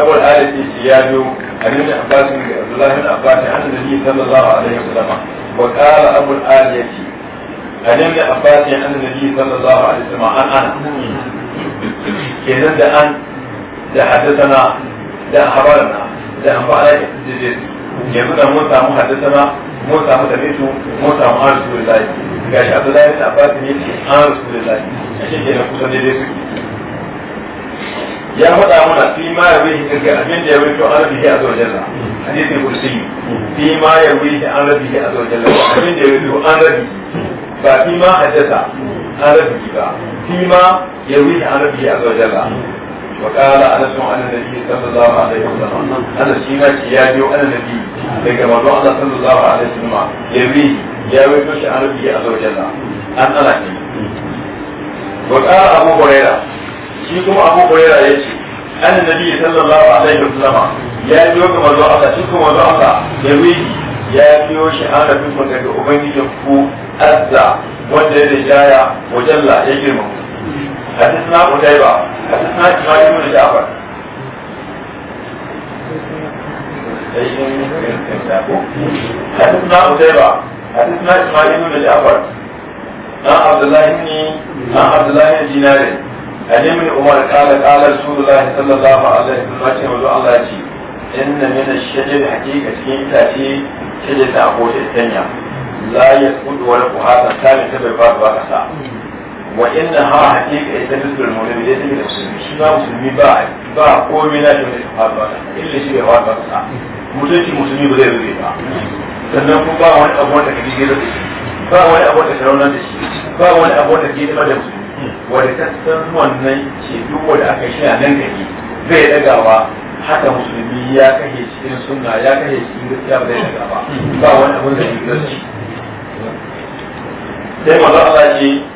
abu al-aliyati shi ya biyo hadisi abbas ne abdullah ibn abbas an nabi sallallahu alaihi wasallam wa qala abu al-aliyati hadisi abbas ne an nabi sallallahu alaihi wasallam an ana kenan da an da haddathana da habarna da an ba'a da yanzu da mun samu haddathana mun samu da mun samu arzu da ga shi abdullahi bin abbas ne ce an ah, rasulullahi a shi ke na kusan daidai su ya faɗa mana fi ma ya wuce kirga abin da ya wuce an rabi ya zo jalla hadisi kursi fi ma ya wuce an rabi a zo jalla abin da ya wuce an rabi ba fi ma haddasa an rabi ba fi ma ya wuce an rabi a zo jalla وقال انس عن النبي صلى الله عليه وسلم انس فيما يا انا النبي daga manzo Allah sallallahu alaihi wasallam yabi ya wato shi an rubi a zaujalla an tsala ne wa qala abu huraira shi kuma abu huraira yace annabi sallallahu alaihi wasallam ya biyo ga manzo Allah shi kuma manzo Allah yabi ya biyo shi an rubi daga ubangijin ku azza wanda ya jaya wajalla ya girma حدثنا قتيبة حدثنا إسماعيل بن جعفر حدثنا قتيبة حدثنا إسماعيل بن جعفر عن عبد الله بن عن عبد الله بن دينار عن ابن عمر قال قال رسول الله صلى الله عليه وسلم الله يجيب إن من الشجر حقيقة تأتي شجرة أبوه الدنيا لا يسقط ولا قهاة ثابتة بالباب وكسا wa inna ha hakika istatul mu'min da yake musulmi shi ba musulmi ba ba komai na da faɗa illa shi bai faɗa ba mutunci musulmi ba zai rube ba sannan kuma ba wani abu wanda kake gida da ba wani abu da saraunar da shi ba wani abu da ke da musulmi wanda ta san wannan ce duk wanda aka shi a nan gari zai dagawa haka musulmi ya kashe ya ba ba wani sai maza Allah ce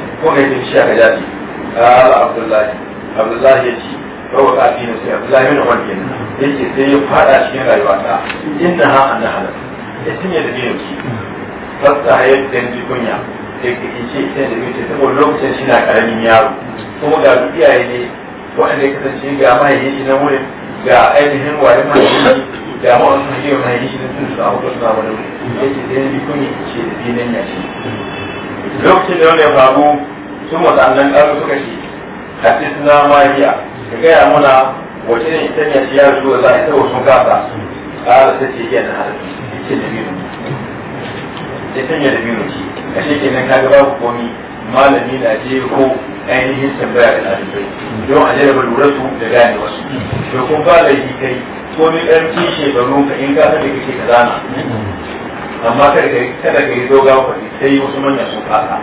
ko mai tafi shi aka jabi kala abdullahi abdullahi ya ce kawai kafi na sai abdullahi yana wani kenan ya ce sai ya faɗa cikin rayuwa ta inna ha an nahala ya cinye da biyu ki sassa ya danji kunya ya ce ita da biyu ce saboda lokacin shi na karamin yaro kuma ga duk iyaye ne waɗanda ya kasance ga mahaifin shi na wurin ga ainihin wani mahaifin da ma wasu hajiyar mahaifin na sun su a wasu na wani wurin ya ce sai ya bi kunya ce da biyu ya ce lokacin da wani ya faru sun wata annan ƙaru suka ce hadis na mariya ka gaya muna wace ne ita ne ya zo za a ita wasu gasa ƙara ta ce yana hadis ce da biyu ya sanya da biyu ce ashe kenan ka gaba ku komi malami na je ko ainihin tambaya da ɗalibai don a jarabar lura su da gane wasu to kun ba kai ko ni ɗan shekaru ka in ka da kake ka zana amma kai kai kada ka yi doga kuɗi sai wasu manyan su fasa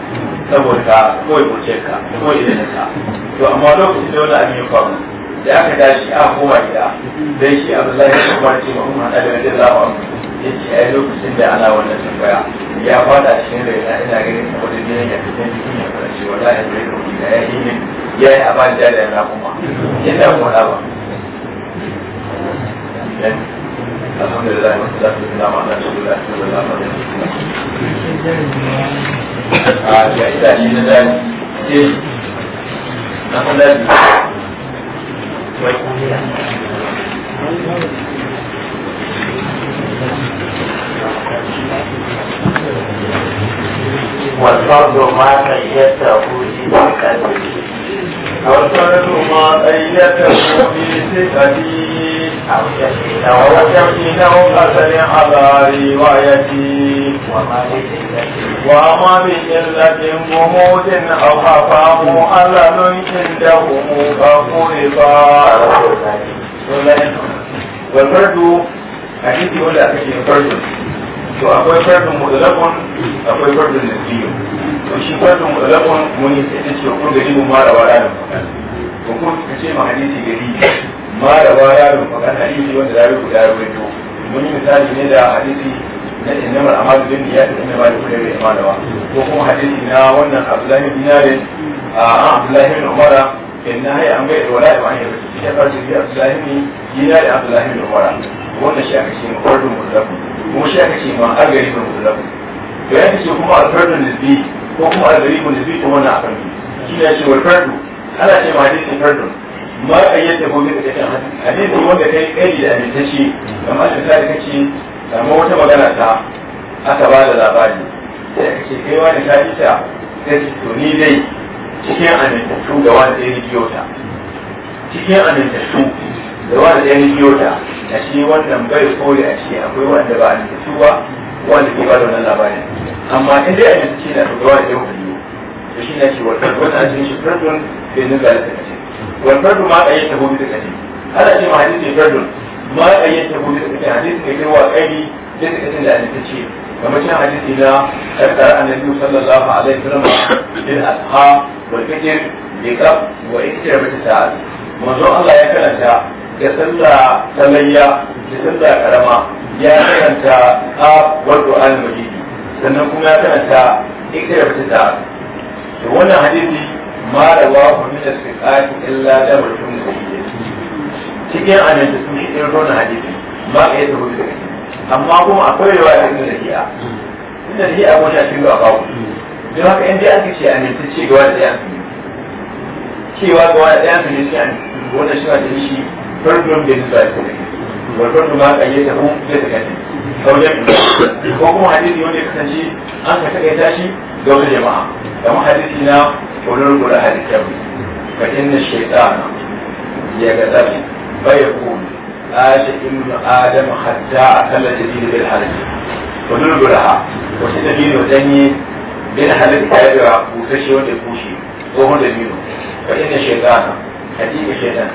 saboda ka kawai burcinka kawai idanunka to amma lokacin da wani abin ya faru da aka tashi a koma gida dan shi abdullahi ya kuma ce ma umma da rajin lawa ya ce a lokacin da ana wannan tambaya ya fada cikin rai na ina ganin saboda ne ya fi can cikin ya fara cewa la ya zai kauki da ya yi ne ya yi abin da ya na kuma ya damu wani ba الحمد لله والصلاة والسلام على رسول الله صلى الله عليه وسلم. آه يا إلهي نزل إيه نقول لك والفرد ما قيده في ثقته والفرد ما قيده في ثقته ووجب إنه قتل عذاري ويتي وما بإلة غموض أو خفاه ألم عندهم فقربا والفرد حديث يقول لك فرد to akwai fardun mutlaqun akwai fardun nasiyu to shi fardun mutlaqun mun yi sai ce ko mu mara ko kuma suka ce ma hadisi gari ma da wa yaron fakan hadisi wanda da yaro da yaro yau mun yi misali ne da hadisi na innamar amadu bin ya ta inna malik da ya ma da wa ko kuma hadisi na wannan abdullahi bin yarin a abdullahi bin umara inna hay an bai wala ya wani ya farji bi abdullahi bin yana da abdullahi bin umara wannan shi aka ce ma fardun mutlaku ko shi aka ce ma agari bin mutlaku to ya ce kuma alfardun nisbi ko kuma algaribun nisbi to wannan akan shi ya ce wal fardu ana ce ma hadisin fardun ma ayyata da bisa kashin hadisin wanda kai kai da amintacci kamar da ta kace kamar wata magana ta aka ba da labari sai ka ce kai wani ta ji ta sai ce to ni dai cikin amintattu da wani ɗaya rigiyo cikin amintattu da wani ɗaya rigiyo a shi wannan bai kore a shi akwai wanda ba amintattu ba wanda ke ba da wannan labarin amma in dai amintacci na da wani ɗaya rigiyo to shi na ce wata wata a shi bai nuka da kace wal fardu ma ayyata hu ta kace ana ce ma hadisi fardu ma ayyata hu ta kace hadisi ne kirwa kai da ta kace da ta ce kamar shi hadisi na karkar annabi sallallahu alaihi wasallam bil asha wal fitr bi qab wa ikra bi ta'al manzo Allah ya karanta da sallah salayya da sallah karama ya karanta a wal al majid sannan kuma ya karanta ikra bi ta'al to wannan hadisi ma da wa kuma da su kaji illa da mutum da yi cikin amince sun shi irin wannan hadisi ba ka yi ta hudu da amma kuma akwai yawa da inda hiya inda hiya wani a cikin gaba don haka in dai aka ce amince ce ga wanda ya cewa ga wanda ya fi ne wanda shi wanda shi farkon da zuwa ya kuma warkon da ma ka yi ta hun zai ta kaji ko kuma hadisi wanda ya kasance an ka takaita shi ga wani jama'a kamar hadisi na ولو قول أهل الكبر فإن الشيطان يغتب فيقول آت ابن آدم خداع كل جديد بالحلق ولو قولها وستدين وتني بالحلق كابرة وتشي وتبوشي وهو دمينه فإن الشيطان حديث الشيطان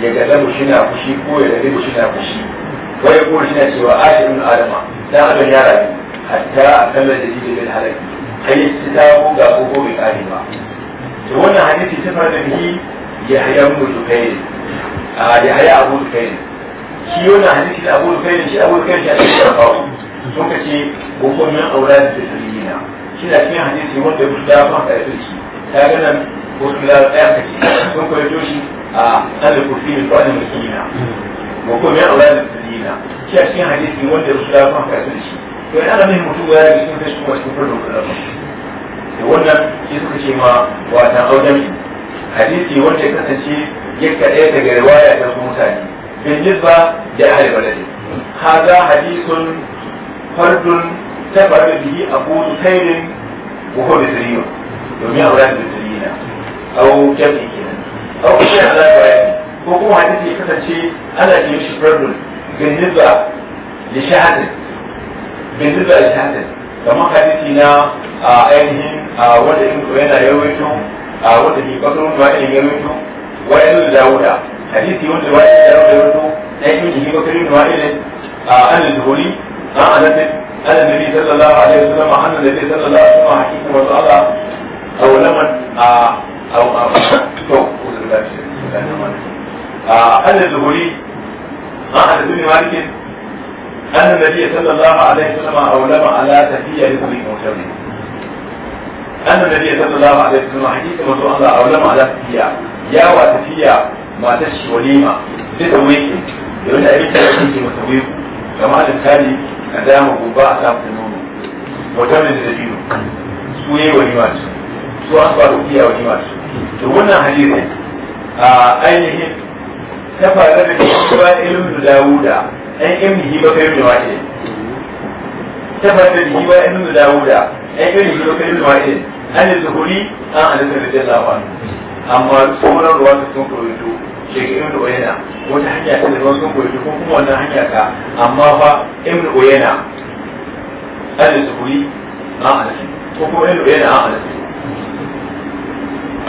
يغتب شنا فشي كو يغتب شنا فشي ويقول شنا سوى آت ابن آدم داخل يا ربي حتى كل جديد بالحلق kai ta dawo ga gobe mai kare ba to wannan hadisi sifar da bihi yahya ibn zubair a yahya abu zubair shi wannan hadisi da abu zubair shi abu zubair shi a cikin kawo kace gogon min da sirrina shi da cikin hadisi wanda ya fita ba ka yi shi ta ga nan wasu da tsaya kake sun koyo shi a al-kursi da wannan mutumina gogon min aulad da sirrina shi a cikin hadisi wanda ya fita ba ka yi shi to yana nan mutum ya ga cikin kashi ko cikin fardun kalamu da wannan shi suka ce ma wata aujami hadisi wanda ya kasance ya kaɗaya daga riwaya ta su mutane bin nisba da ahli balade haza hadisun fardun tabbata bihi abu tairin wa huwa bisriyo domin a wurin na au jami'i kenan au kuma ya zaɓa ko kuma hadisi ya kasance ana ce mishi fardun bin nisba da shahadin bin nisba da shahadin kamar hadisi na ainihin wanda in ko yana yawaito wanda bi bakarun ba in yawaito wa ibn dawuda hadisi wanda wa ibn dawuda yawaito da ibn bi bakarun ba in an al-huli an anabi an annabi sallallahu alaihi wasallam an annabi sallallahu alaihi wasallam hakikin wa ta'ala aw laman aw aw to ko da shi an al أن النبي صلى الله عليه وسلم أولم على تهيئة لكل مهتم أن النبي صلى الله عليه وسلم حديث من الله أولم على تهيئة يا وتهيئة ما تشي وليمة لتويك يقول أبيك أبيك متويك كما الإنسان أدام غباء سامة النون مهتم الدين سوي وليمات سوى أصبح تهيئة وليمات تقولنا حديثا ainihin ta faru da shi ba ilimin da dawuda ɗan yin bihi ba kai mewa ɗin tabbar da bihi ba ɗan da dawuda ɗan yin bihi ba kai mewa ɗin an da zuhuri an alisa da jallawa amma sauran ruwa sun kurito shekaru da oyana wata hanya ta da ruwan sun kurito ko kuma wannan hanya ka amma fa ibn oyana an da zuhuri an alisa ko kuma ibn oyana an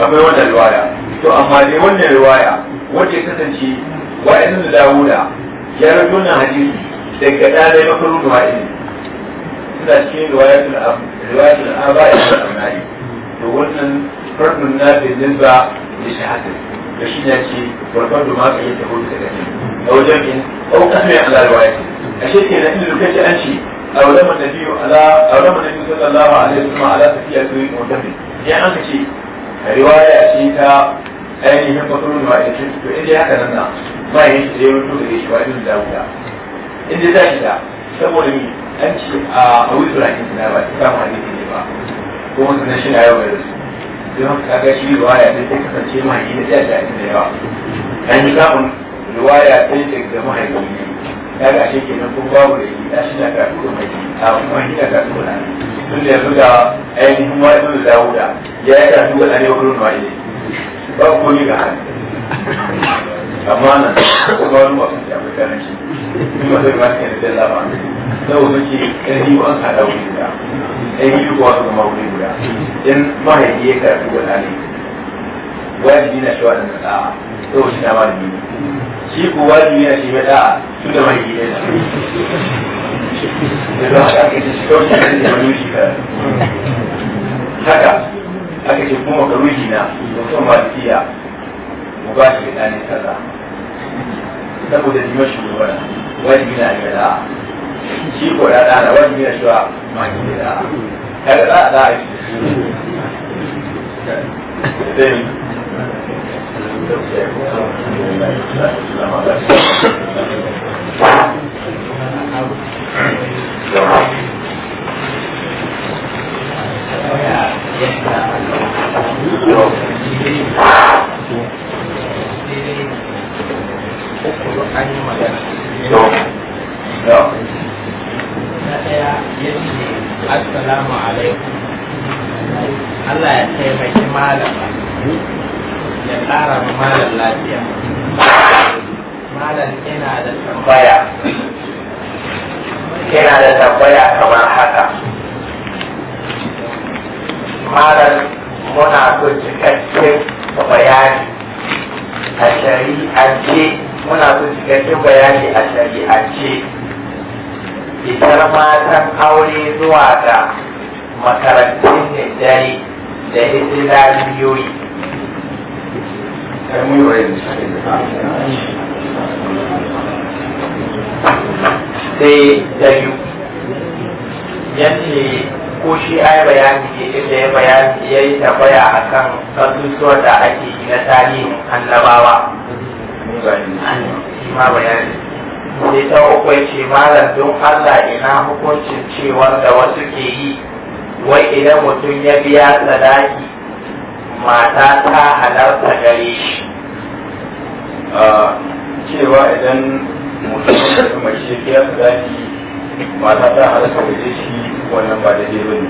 alisa akwai wannan riwaya to amma dai wannan riwaya wacce kasance wa'idin da dawuda ya wannan hadisi daga dalai makarun ruwa ne suna cikin riwayatul riwayatul abai da amali to wannan farkon na bin nisba da shahada da shi ne ce farkon da maka ta hudu da cikin a wajen in au kasme ala riwayati a shi ke na ilu kace an ce a wajen annabi ala a wajen annabi sallallahu alaihi wasallam ala tafiya su yi mutafi ya an ce riwaya ce ta ainihin makarun ruwa ne to inda haka nan na ba yin da ya mutu da shi ba irin da wuya in dai za shi da saboda ni an ce a wuce rakin na ba ta samu hadisi ne ba ko wanda na shi na yau da su don haka kaga shi riwaya ne sai kasance mahaifi na tsaya da da yawa an yi samun riwaya sai daga mahaifi ne kaga ashe kenan kun babu da shi da shi da karatu da mai a mahaifi da karatu da tun da yanzu da ainihin wa'idun da dawuda ya yi karatu da ne wurin wa'idai ba ko ni ga hannu amana kuma wani mafi da amurka na shi kuma zai ba ta yadda lama sau suke ɗari an haɗa wuri guda ɗari yi kuwa su zama wuri guda in mahaifi ya karfi wa ɗane wajibi na shawa da ɗa'a sau shi na mahaifi ne shi ko wajibi na shi ɗa'a su da mahaifi ne da don haka aka shi kawai shi da wani shi karfi haka aka ce kuma karuji na musamman ba ta iya mu ba shi da ɗane sallah saboda liman shugaba wajibi na ga da shi ko da da wajibi na shuwa ma ki da kada da da sai Yeah. ƙara malar malam lafiya malam yana da tambaya yana da tambaya kamar haka malar muna so cikakken bayani a shari'ance muna so cikakken bayani a shari'ance fitar matan aure zuwa ga makarantun dare da hijira biyoyi sai da biyu yanci ko shi ai bayani ke inda ya bayani ya yi tambaya a kan kasusuwar da ake yi na tarihin annabawa shi ma bayani sai ta ukwai ce malam don allah ina hukuncin cewar da wasu ke yi wai idan mutum ya biya sadaki mata ta halarta gare shi cewa idan mutum da kuma shekiyar zaki mata ta halarta gare shi wannan ba da ba ne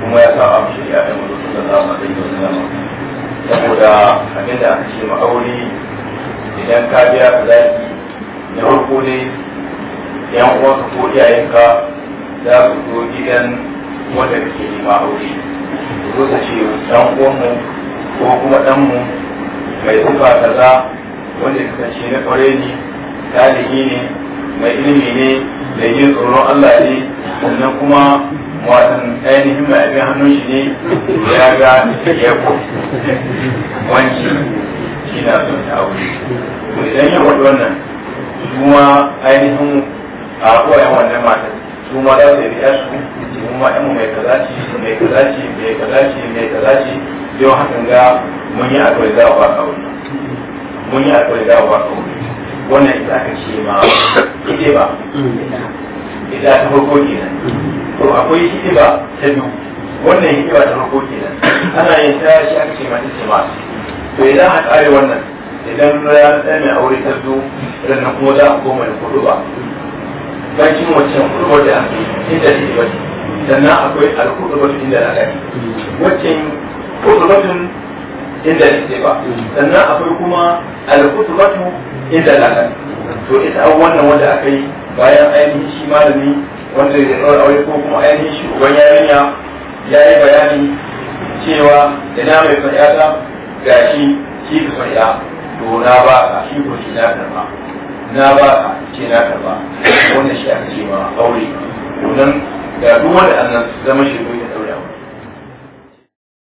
kuma ya sa abu shari'a da mutum da za mu zai yau zama saboda abin da aka ce ma'aure idan ka biya ka zaki na farko ne yan uwanka ko iyayenka za su zo gidan wanda kake nema aure zo ta ce dan uwanmu ko kuma ɗanmu mai sifa kaza wanda ka ce na kware ne talibi ne mai ilimi ne da yin tsoron Allah ne sannan kuma watan ainihin mai abin hannun shi ne ya ga yako wanci shi na son ta aure idan ya faɗi wannan kuma ainihin a koyan wannan matar su ma za su yi riya su ce mu ma mu mai kaza ci mai kaza ci mai kaza ci mai kaza ce don hakan ga mun yi akwai za ba kauri mun yi akwai za ba kauri wannan ita aka ce ma ite ba ita ta farko kenan to akwai ita ba ta biyu wannan ita ba ta farko kenan ana yin ta shi aka ce ma ita ma to idan aka kare wannan idan ranar ɗaya mai aure ta zo idan na kuma za a koma da kudu ba bakin wancan kurwar da inda da ibadi sannan akwai alkurwar inda da kai wancan kurwar inda ne ba sannan akwai kuma alkurwar inda da kai to ita wannan wanda aka yi bayan ainihin shi malami wanda ya tsawar aure ko kuma ainihin shi uban yarinya ya yi bayani cewa ina mai fa'yata ga shi shi ka fa'ya to na ba shi ko shi na karba na ba ka ce na karba wannan shi ake ce ma aure don ga duk wanda annan zaman shi doya